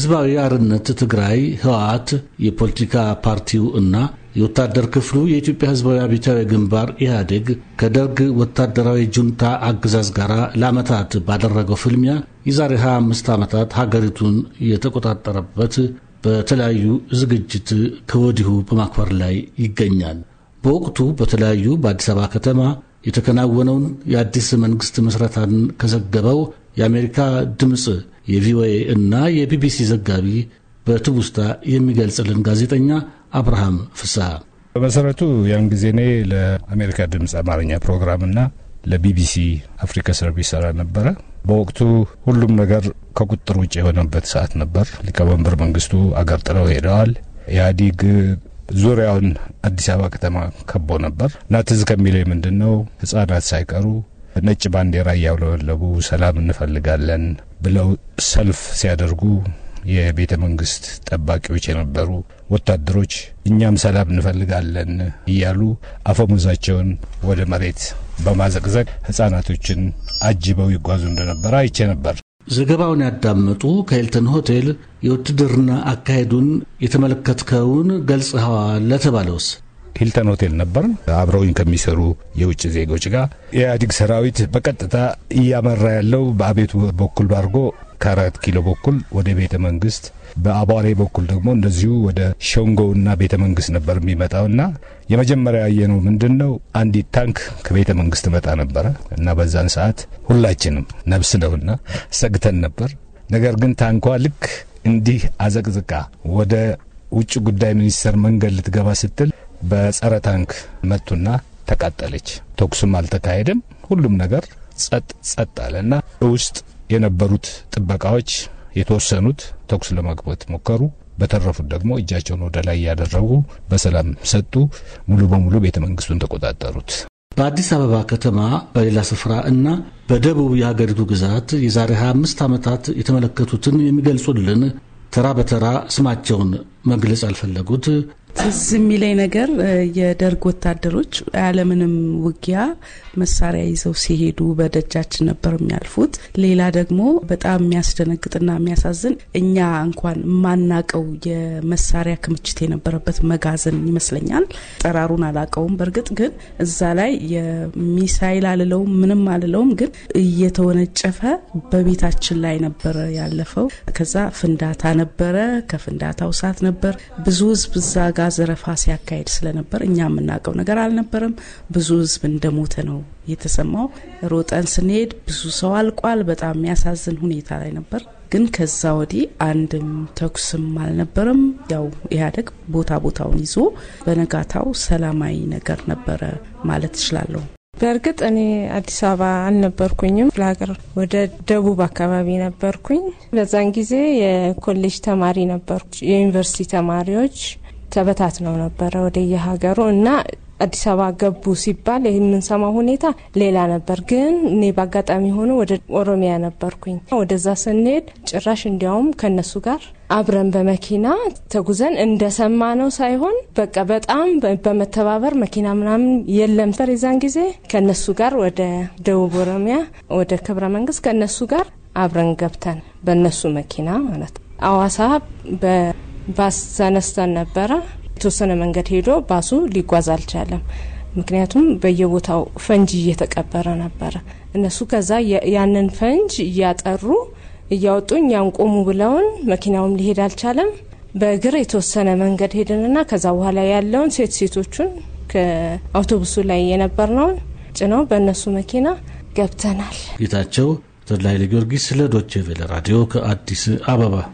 ህዝባዊ አርነት ትግራይ ህወሓት የፖለቲካ ፓርቲው እና የወታደር ክፍሉ የኢትዮጵያ ህዝባዊ አብዮታዊ ግንባር ኢህአዴግ ከደርግ ወታደራዊ ጁንታ አገዛዝ ጋር ለዓመታት ባደረገው ፍልሚያ የዛሬ 25 ዓመታት ሀገሪቱን የተቆጣጠረበት በተለያዩ ዝግጅት ከወዲሁ በማክበር ላይ ይገኛል። በወቅቱ በተለያዩ በአዲስ አበባ ከተማ የተከናወነውን የአዲስ መንግሥት ምስረታን ከዘገበው የአሜሪካ ድምፅ የቪኦኤ እና የቢቢሲ ዘጋቢ በትውስታ የሚገልጽልን ጋዜጠኛ አብርሃም ፍስሐ። በመሰረቱ ያን ጊዜ እኔ ለአሜሪካ ድምፅ አማርኛ ፕሮግራምና ለቢቢሲ አፍሪካ ሰርቪስ ሰራ ነበረ። በወቅቱ ሁሉም ነገር ከቁጥር ውጭ የሆነበት ሰዓት ነበር። ሊቀመንበር መንግስቱ አገር ጥለው ሄደዋል። ኢህአዲግ ዙሪያውን አዲስ አበባ ከተማ ከቦ ነበር እና ትዝ ከሚለኝ ምንድን ነው ህጻናት ሳይቀሩ ነጭ ባንዲራ እያውለበለቡ ሰላም እንፈልጋለን ብለው ሰልፍ ሲያደርጉ የቤተ መንግስት ጠባቂዎች የነበሩ ወታደሮች እኛም ሰላም እንፈልጋለን እያሉ አፈሙዛቸውን ወደ መሬት በማዘቅዘቅ ህጻናቶችን አጅበው ይጓዙ እንደነበረ አይቼ ነበር። ዘገባውን ያዳመጡ ከኤልተን ሆቴል የውትድርና አካሄዱን የተመለከትከውን ገልጽኸዋል ለተባለውስ ሂልተን ሆቴል ነበር። አብረውኝ ከሚሰሩ የውጭ ዜጎች ጋር የኢህአዴግ ሰራዊት በቀጥታ እያመራ ያለው በአቤቱ በኩል አድርጎ ከአራት ኪሎ በኩል ወደ ቤተ መንግስት በአቧሬ በኩል ደግሞ እንደዚሁ ወደ ሸንጎውና ቤተ መንግስት ነበር የሚመጣውና የመጀመሪያ ያየነው ምንድን ነው? አንዲት ታንክ ከቤተ መንግስት መጣ ነበረ እና በዛን ሰዓት ሁላችንም ነብስ ነውና ሰግተን ነበር። ነገር ግን ታንኳ ልክ እንዲህ አዘቅዝቃ ወደ ውጭ ጉዳይ ሚኒስቴር መንገድ ልትገባ ስትል በጸረ ታንክ መቱና ተቃጠለች። ተኩስም አልተካሄደም። ሁሉም ነገር ጸጥ ጸጥ አለና ውስጥ የነበሩት ጥበቃዎች የተወሰኑት ተኩስ ለማግባት ሞከሩ። በተረፉት ደግሞ እጃቸውን ወደ ላይ ያደረጉ በሰላም ሰጡ። ሙሉ በሙሉ ቤተ መንግስቱን ተቆጣጠሩት። በአዲስ አበባ ከተማ በሌላ ስፍራ እና በደቡብ የሀገሪቱ ግዛት የዛሬ 25 ዓመታት የተመለከቱትን የሚገልጹልን ተራ በተራ ስማቸውን መግለጽ ያልፈለጉት ትዝ የሚለኝ ነገር የደርግ ወታደሮች ያለምንም ውጊያ መሳሪያ ይዘው ሲሄዱ በደጃችን ነበር የሚያልፉት። ሌላ ደግሞ በጣም የሚያስደነግጥና የሚያሳዝን እኛ እንኳን የማናቀው የመሳሪያ ክምችት የነበረበት መጋዘን ይመስለኛል። ጠራሩን አላቀውም። በእርግጥ ግን እዛ ላይ የሚሳይል አልለውም ምንም አልለውም፣ ግን እየተወነጨፈ በቤታችን ላይ ነበረ ያለፈው። ከዛ ፍንዳታ ነበረ፣ ከፍንዳታው እሳት ነበር። ብዙ ህዝብ እዛ ጋር ዘረፋ ሲያካሄድ ስለነበር እኛ የምናውቀው ነገር አልነበረም። ብዙ ህዝብ እንደሞተ ነው የተሰማው። ሮጠን ስንሄድ ብዙ ሰው አልቋል። በጣም የሚያሳዝን ሁኔታ ላይ ነበር። ግን ከዛ ወዲህ አንድም ተኩስም አልነበረም። ያው ኢህአዴግ ቦታ ቦታውን ይዞ በነጋታው ሰላማዊ ነገር ነበረ ማለት እችላለሁ። በእርግጥ እኔ አዲስ አበባ አልነበርኩኝም። ለሀገር ወደ ደቡብ አካባቢ ነበርኩኝ። በዛን ጊዜ የኮሌጅ ተማሪ ነበርኩ። የዩኒቨርሲቲ ተማሪዎች ተበታት ነው ነበረ ወደ የሀገሩ እና አዲስ አበባ ገቡ ሲባል የምንሰማው ሁኔታ ሌላ ነበር። ግን እኔ በአጋጣሚ ሆኖ ወደ ኦሮሚያ ነበርኩኝ። ወደዛ ስንሄድ ጭራሽ እንዲያውም ከነሱ ጋር አብረን በመኪና ተጉዘን እንደሰማ ነው ሳይሆን በቃ በጣም በመተባበር መኪና ምናምን የለም ነበር። የዛን ጊዜ ከነሱ ጋር ወደ ደቡብ ኦሮሚያ ወደ ክብረ መንግስት ከነሱ ጋር አብረን ገብተን በነሱ መኪና ማለት አዋሳ ባስ ተነስተን ነበረ። የተወሰነ መንገድ ሄዶ ባሱ ሊጓዝ አልቻለም። ምክንያቱም በየቦታው ፈንጅ እየተቀበረ ነበረ። እነሱ ከዛ ያንን ፈንጅ እያጠሩ እያወጡ እኛን ቆሙ ብለውን መኪናውም ሊሄድ አልቻለም። በእግር የተወሰነ መንገድ ሄድንና ከዛ በኋላ ያለውን ሴት ሴቶቹን ከአውቶቡሱ ላይ የነበርነውን ጭነው በእነሱ መኪና ገብተናል። ጌታቸው ተድላ ኃይለ ጊዮርጊስ ለዶቼ ቬለ ራዲዮ ከአዲስ አበባ